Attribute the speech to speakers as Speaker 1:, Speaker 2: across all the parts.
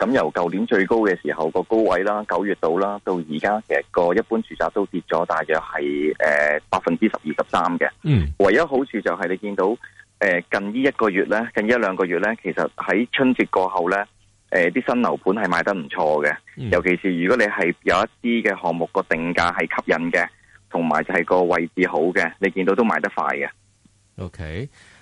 Speaker 1: 咁由舊年最高嘅時候、個高位啦，九月度啦，到而家其實個一般住宅都跌咗，大約係誒百分之十二十三嘅。呃、12, 的嗯，唯一好處就係你見到誒、呃、近呢一個月咧，近一兩個月咧，其實喺春節過後咧，誒、呃、啲新樓盤係賣得唔錯嘅。嗯、尤其是如果你係有一啲嘅項目個定價係吸引嘅，同埋就係個位置好嘅，你見到都賣得快嘅。OK。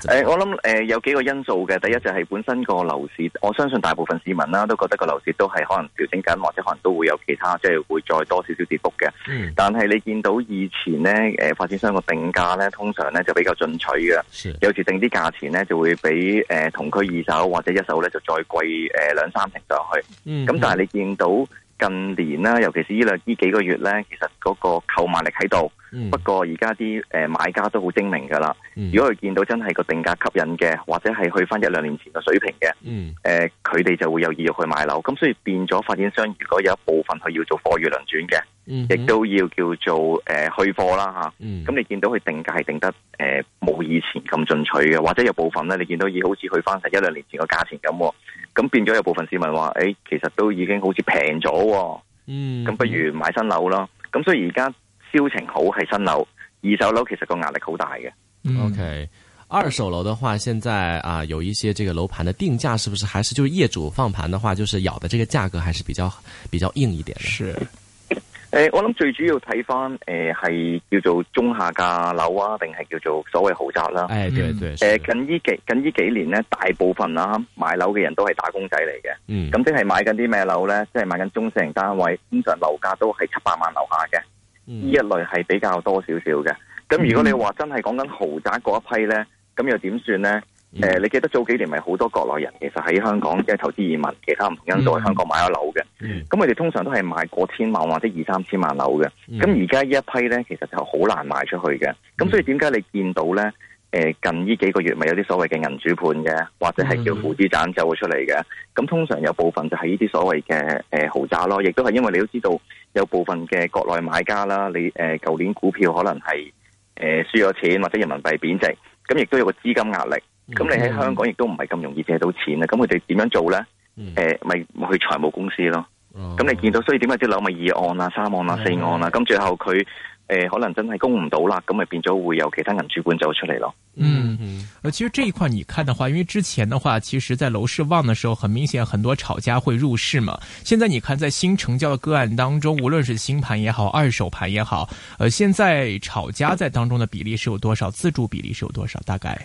Speaker 1: 誒，我諗誒有幾個因素嘅，第一就係本身個樓市，我相信大部分市民啦都覺得個樓市都係可能調整緊，或者可能都會有其他即係會再多少少跌幅嘅。嗯。但係你見到以前咧，誒發展商個定價咧，通常咧就比較進取嘅，的有時定啲價錢咧就會比誒同區二手或者一手咧就再貴誒兩三成上去。嗯。咁但係你見到。近年啦，尤其是呢兩呢幾個月咧，其實嗰個購買力喺度。嗯、不過而家啲誒買家都好精明噶啦。嗯、如果佢見到真係個定價吸引嘅，或者係去翻一兩年前嘅水平嘅，誒佢哋就會有意欲去買樓。咁所以變咗發展商，如果有一部分佢要做貨月輪轉嘅，亦都、嗯、要叫做誒、呃、去貨啦吓咁、嗯、你見到佢定價係定得誒冇、呃、以前咁進取嘅，或者有部分咧，你見到要好似去翻一兩年前個價錢咁。咁變咗有部分市民話，誒、哎、其實都已經好似平咗，嗯，咁不如買新樓咯。咁、嗯、所以而家銷情好係新樓，二手樓其實個壓力好大嘅。
Speaker 2: 嗯、o、OK，
Speaker 3: 二手樓的話，現在啊，有一些這個樓盤的定價，是不是還是就是業主放盤的話，就是咬的這個價格，還是比較比較硬一點？是。
Speaker 1: 誒、呃，我諗最主要睇翻，誒，係、呃、叫做中下價樓啊，定係叫做所謂豪宅啦、啊。誒、嗯，呃，近呢幾近呢幾年咧，大部分啦買樓嘅人都係打工仔嚟嘅。嗯。咁即係買緊啲咩樓咧？即、就、係、是、買緊中小型單位，通常樓價都係七百萬樓下嘅。呢、嗯、一類係比較多少少嘅。咁如果你話真係講緊豪宅嗰一批咧，咁又點算咧？誒、嗯呃，你記得早幾年咪好多國內人其實喺香港即係投資移民，其他唔同因素喺香港買咗樓嘅。咁佢哋通常都係買過千萬或者二三千萬樓嘅。咁而家呢一批咧，其實就好難賣出去嘅。咁所以點解你見到咧？誒、呃，近呢幾個月咪有啲所謂嘅銀主盤嘅，或者係叫負資產就會出嚟嘅。咁、嗯嗯、通常有部分就係呢啲所謂嘅誒、呃、豪宅咯。亦都係因為你都知道有部分嘅國內買家啦，你誒舊、呃、年股票可能係誒、呃、輸咗錢或者人民幣貶值，咁亦都有個資金壓力。咁你喺香港亦都唔係咁容易借到錢啦，咁佢哋點樣做咧？誒、mm. 呃，咪、就是、去財務公司咯。咁、oh. 你見到所以點解啲樓咪二按啦、三按啦、四按啦，咁、mm hmm. 最後佢誒、呃、可能真係供唔到啦，咁咪變咗會有其他銀主管走出嚟咯。嗯、
Speaker 4: mm，誒、hmm.，其實這一塊你看的話，因為之前的話，其實在樓市旺的時候，很明顯很多炒家會入市嘛。現在你看在新成交的個案當中，無論是新盤也好，二手盤也好，呃，現在炒家在當中的比例是有多少？自住比例是有多少？大概？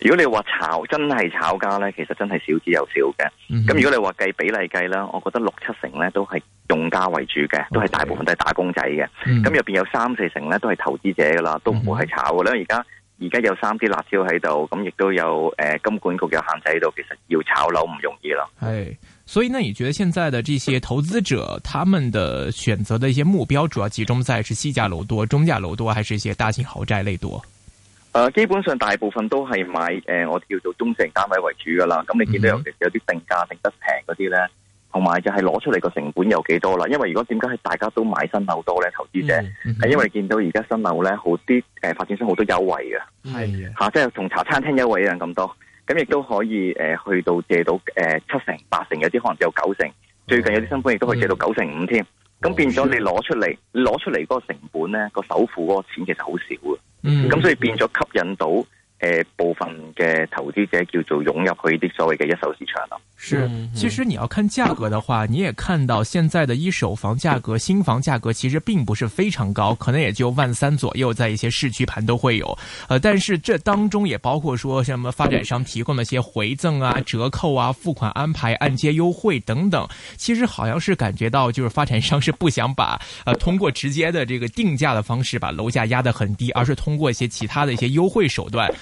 Speaker 1: 如果你話炒真係炒家咧，其實真係少之又少嘅。咁、mm hmm. 如果你話計比例計啦，我覺得六七成咧都係用家為主嘅，都係 Okay. 大部分都係打工仔嘅。咁入邊有三四成咧都係投資者噶啦，都唔會係炒嘅啦。而家而家有三啲辣椒喺度，咁亦都有誒、呃、金管局有限制喺度，其實要炒樓唔容易啦。
Speaker 2: 係，hey,
Speaker 4: 所以呢，你覺得現在的這些投資者，他們的選擇的一些目標，主要集中在是細價樓多、中價樓多，還是一些大型豪宅類多？
Speaker 1: 誒、呃，基本上大部分都係買誒、呃，我叫做中成單位為主噶啦。咁你見到尤其是有啲定價定得平嗰啲咧，同埋、mm hmm. 就係攞出嚟個成本有幾多啦？因為如果點解係大家都買新樓多咧？投資者係、mm hmm. 因為見到而家新樓咧，好啲誒、呃，發展商好多優惠嘅，係吓即係同茶餐廳優惠一樣咁多，咁亦都可以誒、呃、去到借到誒、呃、七成八成，有啲可能只有九成。最近有啲新盤亦都可以借到九成五添，咁、mm hmm. 變咗你攞出嚟，攞、哦、出嚟嗰個成本咧，個首付嗰個錢其實好少嘅。咁，mm hmm. 所以變咗吸引到部分的投資者叫做湧入去啲所謂的一手市場了
Speaker 4: 是，其實你要看價格的話，你也看到現在的一手房價格、新房價格其實並不是非常高，可能也就萬三左右，在一些市區盤都會有。呃，但是這當中也包括說，什麼發展商提供的一些回贈啊、折扣啊、付款安排、按揭優惠等等。其實好像是感覺到，就是發展商是不想把，呃，通過直接的這個定價的方式把樓價壓得很低，而是通過一些其他的一些優惠手段。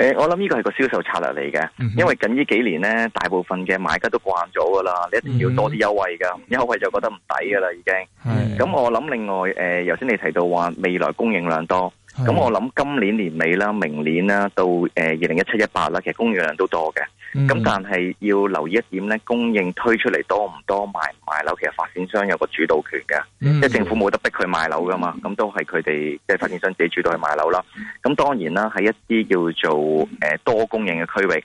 Speaker 1: 誒、欸，我諗呢個係個銷售策略嚟嘅，因為近呢幾年呢，大部分嘅買家都慣咗噶啦，你一定要多啲優惠噶，唔優惠就覺得唔抵噶啦，已經。咁是的 我諗另外誒，頭、呃、先你提到話未來供應量多，咁我諗今年年尾啦、明年啦、到誒二零一七一八啦，呃、2017, 2018，其實供應量都多嘅。咁但係要留意一點咧，供應推出嚟多唔多，賣唔賣樓，其實發展商有個主導權嘅，即係 政府冇得逼佢賣樓噶嘛，咁都係佢哋即係發展商自己主導去賣樓啦。咁當然啦，喺一啲叫做誒多供應嘅區域，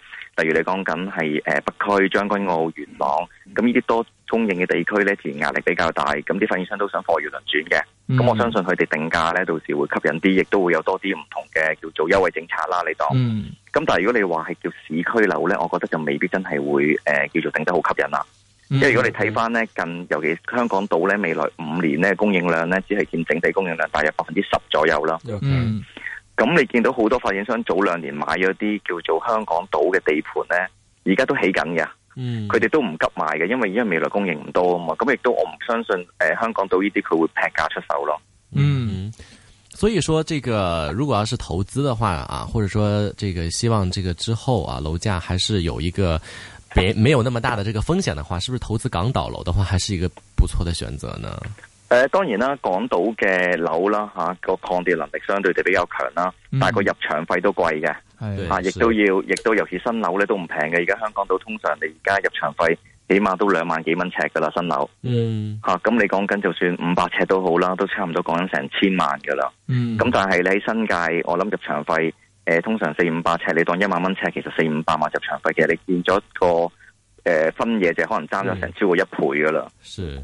Speaker 1: 例如你講緊係誒北區將軍澳元朗，咁呢啲多供應嘅地區咧，自然壓力比較大，咁啲發展商都想貨源輪轉嘅，
Speaker 2: 咁 我相信
Speaker 1: 佢哋定價咧，到時會吸引啲，亦都會有多啲唔同嘅叫做優惠政策啦。你講。 咁但係如果你話係叫市區樓呢，我覺得就未必真係會誒、呃、叫做頂得好吸引啦。嗯、因為如果你睇翻呢近，嗯、尤其是香港島呢未來五年呢，供應量呢只係佔整體供應量大約百分之十左右啦。咁、嗯嗯、你見到好多發展商早兩年買咗啲叫做香港島嘅地盤呢，而家都起緊嘅。佢哋、嗯、都唔急賣嘅，因為因為未來供應唔多啊嘛。咁亦都我唔相信誒香港島呢啲佢會劈價出手咯。嗯。
Speaker 3: 所以說，這個如果要是投資的話啊，或者說這個希望這個之後啊，樓價還是有一個別沒有那麼大的這個風險的話，是不是投資港島樓的話還是一個不錯的選擇呢？誒、
Speaker 1: 呃，當然啦，港島嘅樓啦，吓、啊、個抗跌能力相對就比較強啦，嗯、但個入場費都貴嘅，的啊，亦都要，亦都尤其新樓咧都唔平嘅。而家香港島通常你而家入場費。起碼都兩萬幾蚊尺噶啦，新樓。嗯，吓咁、啊、你講緊就算五百尺都好啦，都差唔多講緊成千萬噶啦。嗯，咁但係你喺新界，我諗入場費誒、呃，通常四五百尺你當一萬蚊尺，其實四五百萬入場費嘅，其實你變咗個誒、呃、分野就可能爭咗成超過一倍噶啦。嗯，是。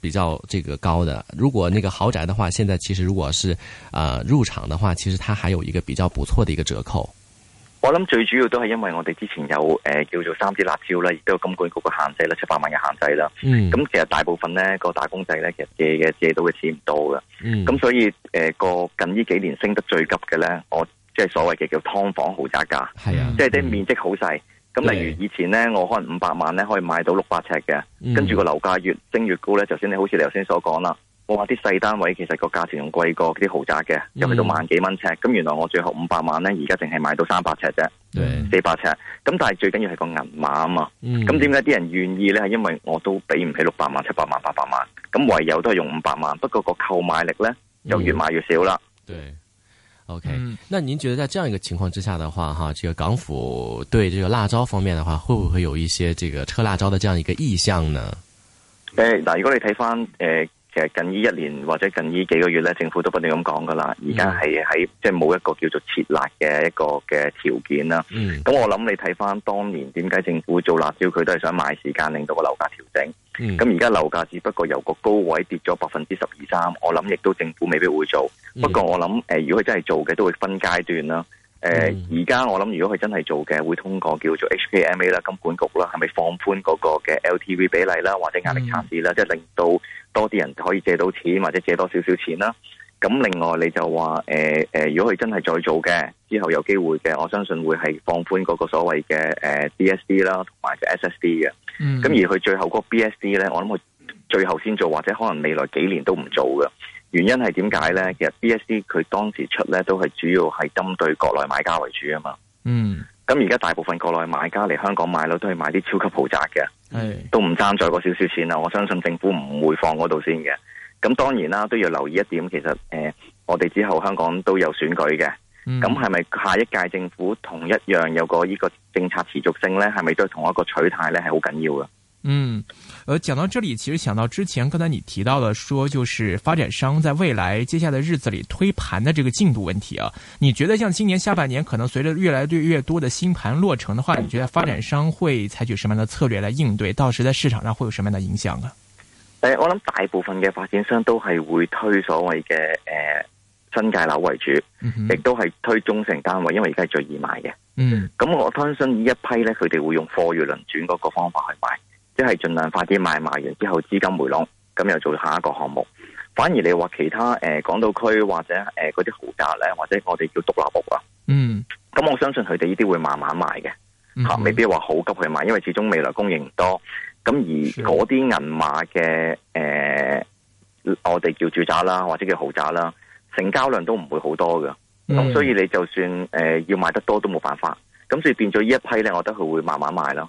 Speaker 3: 比較這個高的，如果那個豪宅的話，現在其實如果是，啊、呃、入場的話，其實它還有一個比較不錯的一個折扣。
Speaker 1: 我諗最主要都係因為我哋之前有誒、呃、叫做三支辣椒啦，亦都有金管局嘅限制啦，七百萬嘅限制啦。咁、嗯、其實大部分呢、那個打工仔呢借嘅借，借，借，借，借不到嘅錢唔多嘅。咁、嗯、所以誒個、呃、近呢幾年升得最急嘅呢，我即係所謂嘅叫劏房豪宅價。係啊。即係啲面積好細。嗯咁、嗯、例如以前咧，我可能五百萬咧可以買到六百尺嘅，跟住個樓價越升越高咧，就算你好似你頭先所講啦，我話啲細單位其實個價錢仲貴過啲豪宅嘅，又去到萬幾蚊尺。咁原來我最後五百萬咧，而家淨係買到三百尺啫，四百尺。咁但係最緊要係個銀碼啊嘛。咁點解啲人願意咧？係因為我都俾唔起六百萬、七百萬、八百萬，咁唯有都係用五百萬。不過個購買力咧，就越買越少啦。嗯
Speaker 3: OK，那您覺得在這樣一個情況之下的話，哈，這個港府對這個辣招方面的話，會不會有一些這個撤辣招的這樣一個意向呢？
Speaker 1: 誒，嗱，如果你睇翻誒，其實近依一,一年或者近依幾個月咧，政府都不停咁講噶啦，而家係喺即係冇一個叫做撤辣嘅一個嘅條件啦。咁、嗯、我諗你睇翻當年點解政府做辣招，佢都係想買時間令到個樓價調整。咁而家樓價只不過由個高位跌咗百分之十二三，我諗亦都政府未必會做。不過我諗、呃、如果佢真係做嘅，都會分階段啦。而、呃、家、嗯、我諗，如果佢真係做嘅，會通過叫做 HKMA 啦、金管局啦，係咪放寬嗰個嘅 LTV 比例啦，或者壓力測試啦，即係、嗯、令到多啲人可以借到錢，或者借多少少錢啦。咁另外你就話、呃呃、如果佢真係再做嘅，之後有機會嘅，我相信會係放寬嗰個所謂嘅、呃、DSD 啦同埋 SSD 嘅。咁、嗯、而佢最後個 BSD 呢，我諗佢最後先做，或者可能未來幾年都唔做嘅。原因係點解呢？其實 BSD 佢當時出呢，都係主要係針對國內買家為主啊嘛。嗯，咁而家大部分國內買家嚟香港買樓都係買啲超級豪宅嘅，的都唔爭在少少錢啦。我相信政府唔會放嗰度先嘅。咁當然啦，都要留意一點，其實誒、呃，我哋之後香港都有選舉嘅。咁係咪下一屆政府同一樣有個呢個政策持續性呢？係咪都係同一個取態呢？係好緊要噶。嗯，
Speaker 4: 呃，講到這裏，其實想到之前剛才你提到的，說就是發展商在未來接下來的日子裏推盤的這個進度問題啊。你覺得像今年下半年可能隨着越來，越來越多的新盤落成的話，你覺得發展商會採取什麼樣的策略來應對？到時在市場上會有什麼樣的影響啊？
Speaker 1: 誒，我諗大部分嘅發展商都係會推所謂嘅誒。呃新界樓為主，亦都係推中成單位，因為而家係最易賣嘅。咁、嗯、我相信呢一批呢，佢哋會用貨如輪轉嗰個方法去賣，即係盡量快啲賣，賣完之後資金回籠，咁又做下一個項目。反而你話其他誒，港島區或者誒嗰啲豪宅呢，或者我哋叫獨立屋啊，咁、嗯、我相信佢哋呢啲會慢慢賣嘅，吓、嗯、哼未必話好急去賣，因為始終未來供應唔多。咁而嗰啲銀碼嘅誒，我哋叫住宅啦，或者叫豪宅啦。成交量都唔會好多嘅，咁所以你就算誒、呃、要買得多都冇辦法，咁所以變咗呢一批咧，我覺得佢會慢慢賣咯。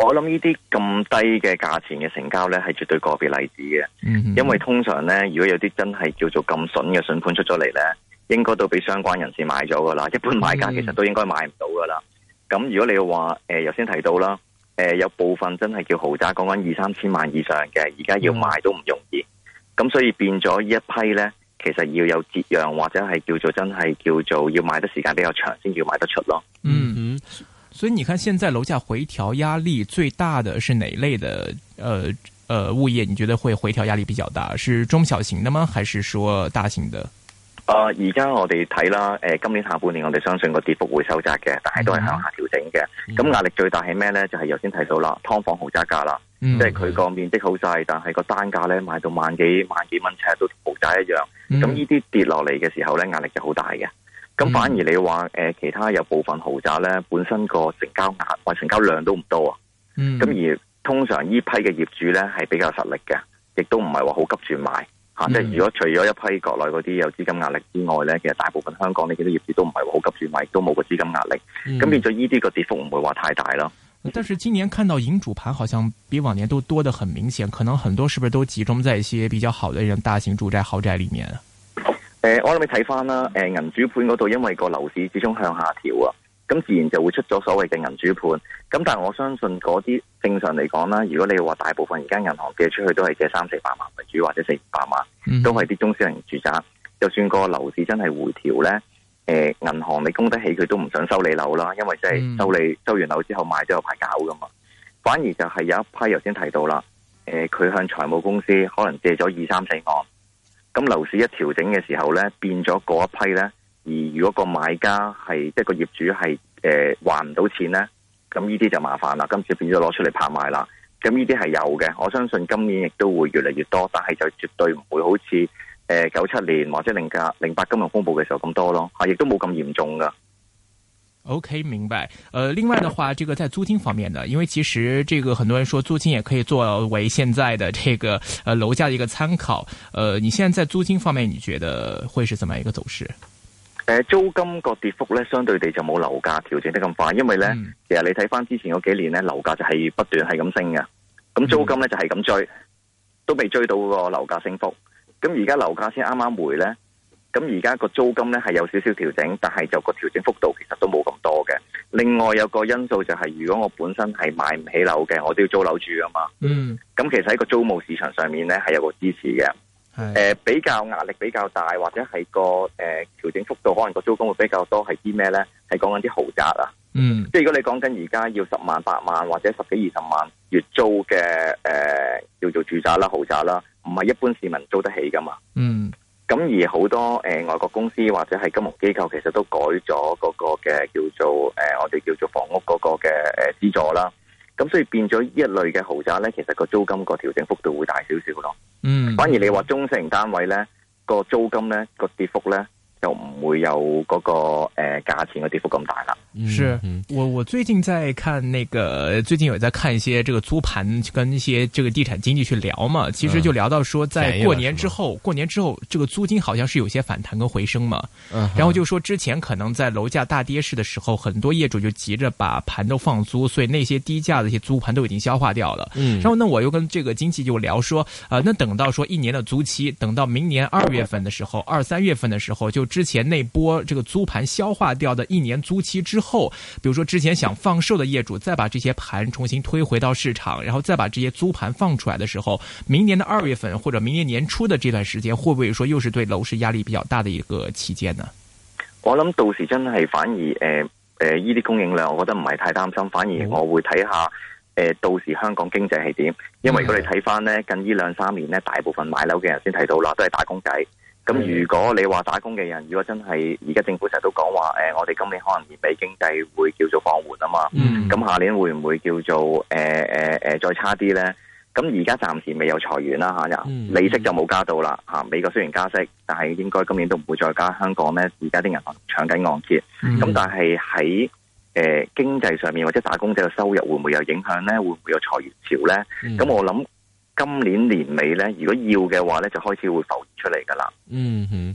Speaker 1: 我諗呢啲咁低嘅價錢嘅成交呢，係絕對個別例子嘅。嗯、哼因為通常呢，如果有啲真係叫做咁笋嘅笋盤出咗嚟呢，應該都俾相關人士買咗噶啦。一般買家其實都應該買唔到噶啦。咁、嗯、哼如果你話誒、頭、呃、先提到啦、呃，有部分真係叫豪宅，講緊二三千萬以上嘅，而家要買都唔容易。咁、嗯、哼所以變咗呢一批呢，其實要有折讓或者係叫做真係叫做要買得時間比較長，先叫買得出咯。嗯。
Speaker 4: 所以你看，現在樓價回調壓力最大的是哪類的？呃，呃，物業你覺得會回調壓力比較大，是中小型的嗎？還是說大型的？
Speaker 1: 啊、呃，而家我哋睇啦，誒、呃，今年下半年我哋相信個跌幅會收窄嘅，但係都係向下調整嘅。咁壓、嗯、力最大係咩呢？就係頭先提到啦，劏房豪宅價啦，嗯、即係佢個面積好細，但係個單價咧賣到萬幾萬幾蚊尺，都同豪宅一樣。咁呢啲跌落嚟嘅時候咧，壓力就好大嘅。咁反而你話誒、呃，其他有部分豪宅咧，本身個成交額或成交量都唔多啊。咁、嗯、而通常呢批嘅業主咧，係比較實力嘅，亦都唔係話好急住買吓。即、啊、係、嗯、如果除咗一批國內嗰啲有資金壓力之外咧，其實大部分香港呢啲業主都唔係話好急住買，都冇個資金壓力。咁、嗯、變咗呢啲個跌幅唔會話太大咯。
Speaker 4: 但是今年看到銀主盤好像比往年都多得很明顯，可能很多是不是都集中在一些比較好的人大型住宅豪宅裏面啊？
Speaker 1: 誒、呃，我諗你睇翻啦，誒、呃，銀主盤嗰度，因為個樓市始終向下調啊，咁自然就會出咗所謂嘅銀主盤。咁但係我相信嗰啲正常嚟講啦，如果你話大部分而家銀行借出去都係借三四百萬為主，或者四五百萬，都係啲中小型住宅。就算個樓市真係回調咧，誒、呃，銀行你供得起佢都唔想收你樓啦，因為即係收你收完樓之後賣都有排搞噶嘛。反而就係有一批，頭先提到啦，誒、呃，佢向財務公司可能借咗二三四萬。咁樓市一調整嘅時候呢，變咗嗰一批呢。而如果個買家係即係個業主係誒、呃、還唔到錢呢，咁呢啲就麻煩啦。今次變咗攞出嚟拍賣啦。咁呢啲係有嘅，我相信今年亦都會越嚟越多，但係就絕對唔會好似誒九七年或者零價零八金融風暴嘅時候咁多咯。吓，亦都冇咁嚴重噶。
Speaker 4: O.K. 明白。呃，另外的話，這個在租金方面呢，因為其實這個很多人說租金也可以作為現在的這個，呃，樓價的一個參考。呃，你現在在租金方面，你覺得會是怎麼樣一個走勢？
Speaker 1: 誒、呃，租金個跌幅咧，相對地就冇樓價調整得咁快，因為咧，嗯、其實你睇翻，之前嗰幾年咧，樓價就係不斷係咁升嘅，咁租金咧、嗯、就係咁追，都未追到個樓價升幅，咁而家樓價先啱啱回咧。咁而家個租金咧，係有少少調整，但係就個調整幅度其實都冇咁多嘅。另外有個因素就係，如果我本身係買唔起樓嘅，我都要租樓住啊嘛。嗯。咁其實喺個租務市場上面咧，係有個支持嘅。係。誒，比較壓力比較大，或者係個誒調整幅度可能個租金會比較多，係啲咩咧？係講緊啲豪宅啊。嗯。Mm. 即係如果你講緊而家要十萬八萬或者十幾二十萬月租嘅誒叫做住宅啦豪宅啦，唔係一般市民租得起噶嘛。嗯。Mm. 咁而好多誒、呃、外國公司或者係金融機構，其實都改咗嗰個嘅叫做誒、呃，我哋叫做房屋嗰個嘅誒資助啦。咁所以變咗一類嘅豪宅咧，其實個租金個調整幅度會大少少咯。嗯，反而你話中成單位咧，個租金咧個跌幅咧，就唔會有嗰、那個誒、呃、價錢嘅跌幅咁大啦。
Speaker 4: 是我我最近在看那個，最近有在看一些這個租盤跟一些這個地產經紀去聊嘛。其實就聊到說，在過年之後，過年之後，這個租金好像是有些反彈跟回升嘛。然後就說之前可能在樓價大跌市的時候，很多業主就急着把盤都放租，所以那些低價的一些租盤都已經消化掉了。嗯、然後呢，我又跟這個經紀就聊說，啊、呃，那等到說一年的租期，等到明年二月份的時候，二三月份的時候就。之前那波這個租盤消化掉的一年租期之後，比如說之前想放售的業主，再把這些盤重新推回到市場，然後再把這些租盤放出來的時候，明年的二月份或者明年年初的這段時間，會不會說又是對樓市壓力比較大的一個期間呢？
Speaker 1: 我諗到時真係反而誒誒呢啲供應量，我覺得唔係太擔心，反而我會睇下誒、呃、到時香港經濟係點，因為如果你睇翻咧近 2, 呢兩三年咧，大部分買樓嘅人先睇到啦，都係打工仔。咁、嗯、如果你話打工嘅人，如果真係而家政府成日都講話、呃，我哋今年可能年尾經濟會叫做放緩啊嘛。咁、嗯、下年會唔會叫做、呃呃呃、再差啲咧？咁而家暫時未有裁員啦嚇，又利息就冇加到啦、啊、美國雖然加息，但係應該今年都唔會再加。香港咧，而家啲銀行搶緊按揭，咁、嗯、但係喺誒經濟上面或者打工者嘅收入會唔會有影響咧？會唔會有裁員潮咧？咁我諗。今年年尾呢，如果要嘅話呢，就開始會浮出嚟噶啦。嗯
Speaker 2: 哼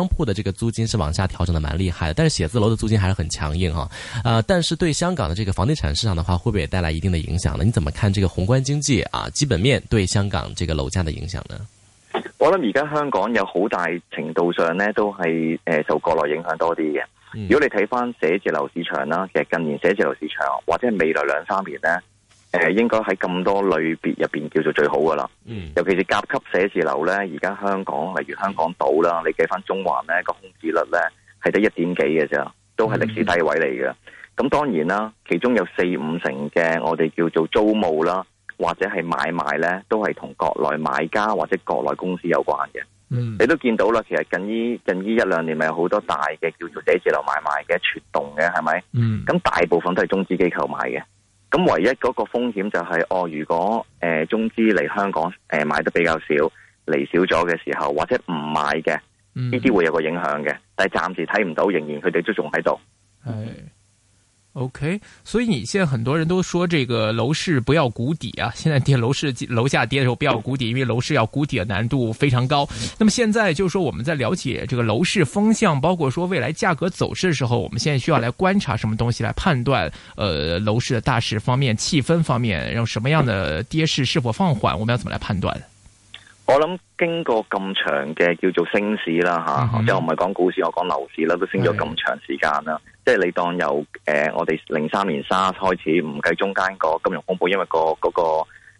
Speaker 3: 商鋪的這個租金是往下調整的蠻厲害的，但是寫字樓的租金還是很強硬哈，啊。呃，但是對香港的這個房地產市場的話，會不會也帶來一定的影響呢？你怎麼看這個宏觀經濟啊，基本面對香港這個樓價的影響呢？
Speaker 1: 我諗而家香港有好大程度上呢，都係誒、呃、受國內影響多啲嘅。如果你睇翻寫字樓市場啦，其實近年寫字樓市場或者係未來兩三年呢。誒，應該喺咁多類別入邊叫做最好噶啦，尤其是甲級寫字樓咧。而家香港，例如香港島啦，你計翻中環咧個空置率咧係得一點幾嘅啫，都係歷史低位嚟嘅。咁當然啦，其中有四五成嘅我哋叫做租務啦，或者係買賣咧，都係同國內買家或者國內公司有關嘅。嗯、你都見到啦，其實近呢近一兩年，咪有好多大嘅叫做寫字樓買賣嘅傳動嘅，係咪？咁、嗯、大部分都係中資機構買嘅。咁唯一嗰個風險就係，哦，如果誒，中資嚟香港誒，買得比較少，嚟少咗嘅時候，或者唔買嘅，呢啲會有個影響嘅。但係暫時睇唔到，仍然佢哋都仲喺度。係。
Speaker 4: OK，所以你現在很多人都說這個樓市不要估底啊，現在跌樓市樓下跌的時候不要估底，因為樓市要估底的難度非常高。那麼現在就是說我們在了解這個樓市風向，包括說未來價格走勢的時候，我們現在需要來觀察什麼東西來判斷，呃，樓市的大勢方面、氣氛方面，然後什麼樣的跌勢是否放緩，我們要怎麼來判斷？
Speaker 1: 我諗經過咁長嘅叫做升市啦，哈、啊，即唔係講股市，我講樓市啦，都升咗咁長時間啦。哎即係你當由誒、呃，我哋零三年沙士開始，唔計中間個金融風暴，因為、嗰個嗰、嗰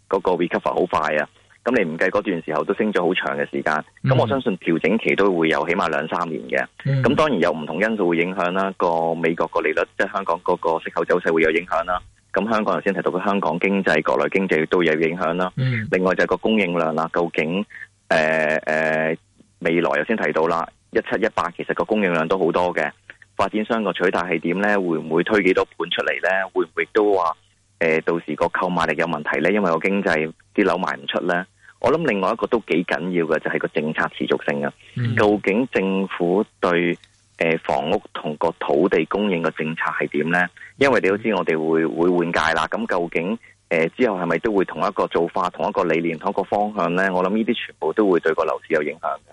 Speaker 1: 個嗰、嗰個 recover 好快啊。咁你唔計嗰段時候都升咗好長嘅時間。咁我相信調整期都會有起碼兩三年嘅。咁當然有唔同因素會影響啦。個美國個利率即係、就是、香港嗰個息口走勢會有影響啦。咁香港頭先提到嘅香港經濟、國內經濟都有影響啦。另外就係個供應量啦，究竟誒誒、呃呃、未來頭先提到啦，一七一八其實個供應量都好多嘅。發展商個取態係點呢？會唔會推幾多盤出嚟呢？會唔會都話誒、呃？到時個購買力有問題呢？因為個經濟啲樓賣唔出呢。我諗另外一個都幾緊要嘅，就係、是、個政策持續性啊。嗯、究竟政府對誒、呃、房屋同個土地供應嘅政策係點呢？因為你都知我哋會會換屆啦。咁究竟誒、呃、之後係咪都會同一個做法、同一個理念、同一個方向呢？我諗呢啲全部都會對個樓市有影響嘅。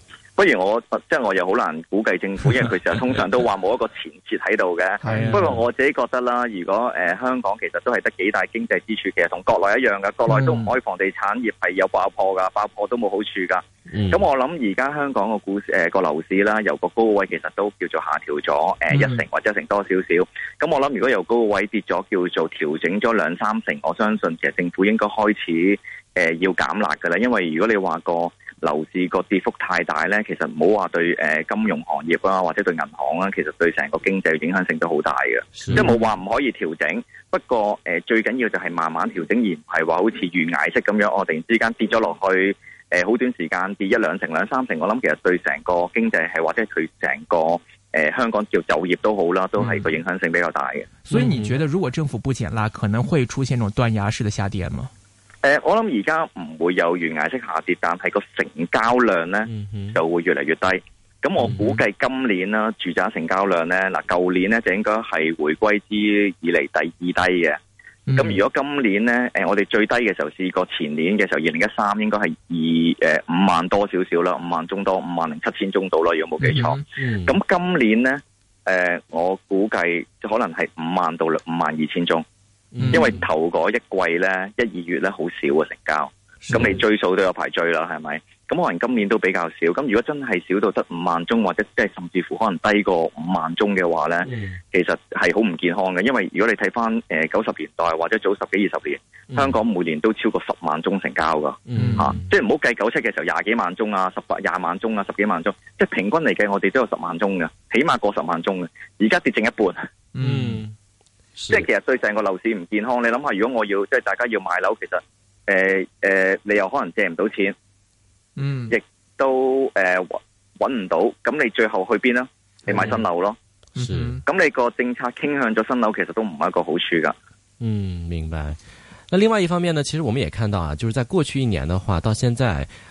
Speaker 1: 不如我即係我又好難估計政府，因為佢成日通常都話冇一個前設喺度嘅。 是啊、不過我自己覺得啦，如果誒、呃、香港其實都係得幾大經濟支柱，其實同國內一樣嘅，國內都唔可以房地產業係有爆破噶，爆破都冇好處噶。咁、嗯、我諗而家香港個股市誒個樓市啦，由個高位其實都叫做下調咗誒一成或者一成多少少。咁我諗如果由高位跌咗叫做調整咗兩三成，我相信其實政府應該開始誒、呃、要減辣噶啦，因為如果你話個。樓市個跌幅太大呢，其實唔好話對誒金融行業啦、啊，或者對銀行啦、啊，其實對成個經濟影響性都好大嘅。的即係冇話唔可以調整，不過誒、呃、最緊要就係慢慢調整，而唔係話好似懸崖式咁樣，我突然之間跌咗落去，誒、呃、好短時間跌一兩成兩三成，我諗其實對成個經濟係或者佢成個誒、呃、香港叫就業都好啦，都係個影響性比較大嘅。嗯、所
Speaker 4: 以你覺得如果政府不減辣，可能會出現種斷崖式嘅下跌嗎？
Speaker 1: 誒、呃，我諗而家唔會有懸崖式下跌，但係個成交量咧、mm hmm. 就會越嚟越低。咁我估計今年啦，mm hmm. 住宅成交量咧，嗱舊年咧就應該係回歸之以嚟第二低嘅。咁、mm hmm. 如果今年咧，誒我哋最低嘅時候試過前年嘅時候2013二零、呃、一三應該係二誒五萬多少少啦，五萬宗多五萬零七千宗到啦，如果冇記錯。咁、mm hmm. 今年咧，誒、呃、我估計可能係五萬到五萬二千宗嗯、因為頭嗰一季咧，一二月咧好少嘅成交，咁的你追數都有排追啦，係咪？咁可能今年都比較少。咁如果真係少到得五萬宗，或者即係甚至乎可能低過五萬宗嘅話咧，嗯、其實係好唔健康嘅。因為如果你睇翻誒九十年代或者早十幾二十年，嗯、香港每年都超過十萬宗成交噶，吓、嗯，啊、即係唔好計九七嘅時候廿幾萬宗啊，十八廿萬宗啊，十幾萬宗，即係平均嚟計，我哋都有十萬宗嘅，起碼過十萬宗嘅。而家跌剩一半。嗯。即係其實對成個樓市唔健康，你諗下，如果我要即係大家要買樓，其實誒誒、呃呃，你又可能借唔到錢，嗯，
Speaker 2: 亦
Speaker 1: 都誒搵唔到，咁你最後去邊啦？你買新樓咯，嗯，咁你個政策傾向咗新樓，其實都唔係一個好處噶。
Speaker 3: 嗯，明白。那另外一方面呢，其實我們也看到啊，就是在過去一年的話，到現在。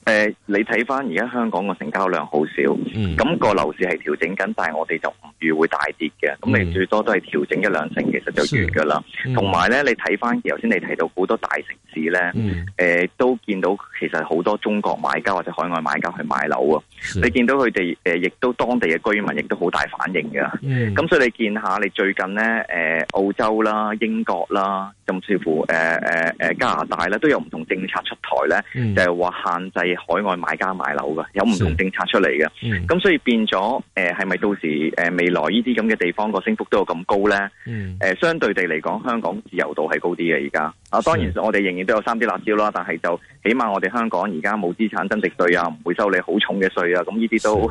Speaker 1: 誒、呃，你睇翻而家香港個成交量好少，咁、嗯、個樓市係調整緊，但係我哋就唔預會大跌嘅，咁你、嗯、最多都係調整一兩成，其實就完噶啦。同埋咧，你睇翻頭先你提到好多大城市咧，誒、嗯呃，都見到其實好多中國買家或者海外買家去買樓啊，的你見到佢哋誒，亦、呃、都當地嘅居民亦都好大反應㗎。咁、嗯、所以你見下你最近咧，誒、呃，澳洲啦、英國啦，甚至乎誒誒誒加拿大咧，都有唔同政策出台咧，嗯、就係話限制。海外買家買樓嘅有唔同政策出嚟嘅，咁所以變咗誒，係咪到時誒、呃、未來呢啲咁嘅地方個升幅都有咁高咧？誒、嗯呃，相對地嚟講，香港自由度係高啲嘅。而家啊，當然我哋仍然都有三啲辣椒啦，但係就起碼我哋香港而家冇資產增值稅啊，唔會收你好重嘅稅啊，咁呢啲都。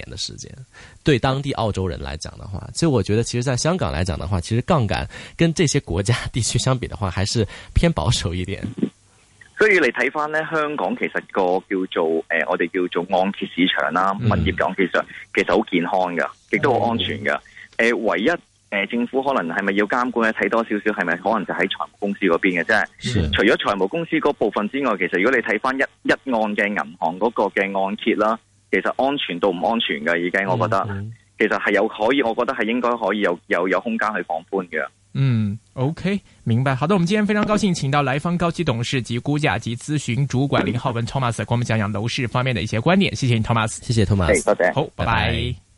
Speaker 3: 的時間，對當地澳洲人來講的話，所以我覺得，其實，在香港來講的話，其實槓桿跟這些國家地區相比的話，還是偏保守一點。
Speaker 1: 所以你睇翻呢，香港其實個叫做誒、呃，我哋叫做按揭市場啦，物業按揭市場，其實好健康噶，亦都好安全噶。誒、呃，唯一誒、呃，政府可能係咪要監管咧？睇多少少係咪，是是可能就喺財務公司嗰邊嘅，即係是除咗財務公司嗰部分之外，其實如果你睇翻一一案嘅銀行嗰個嘅按揭啦。其實安全到唔安全嘅，已經、嗯、我覺得，其實係有可以，我覺得係應該可以有有，有空間去放寬嘅。嗯
Speaker 4: ，OK，明白。好的，我們今天非常高興，請到萊坊高級董事及估價及諮詢主管林浩文 Thomas，給我們講講樓市方面的一些觀點。謝謝你，Thomas。謝謝 Thomas，多謝。Okay, thank you. 好，拜拜。Bye bye.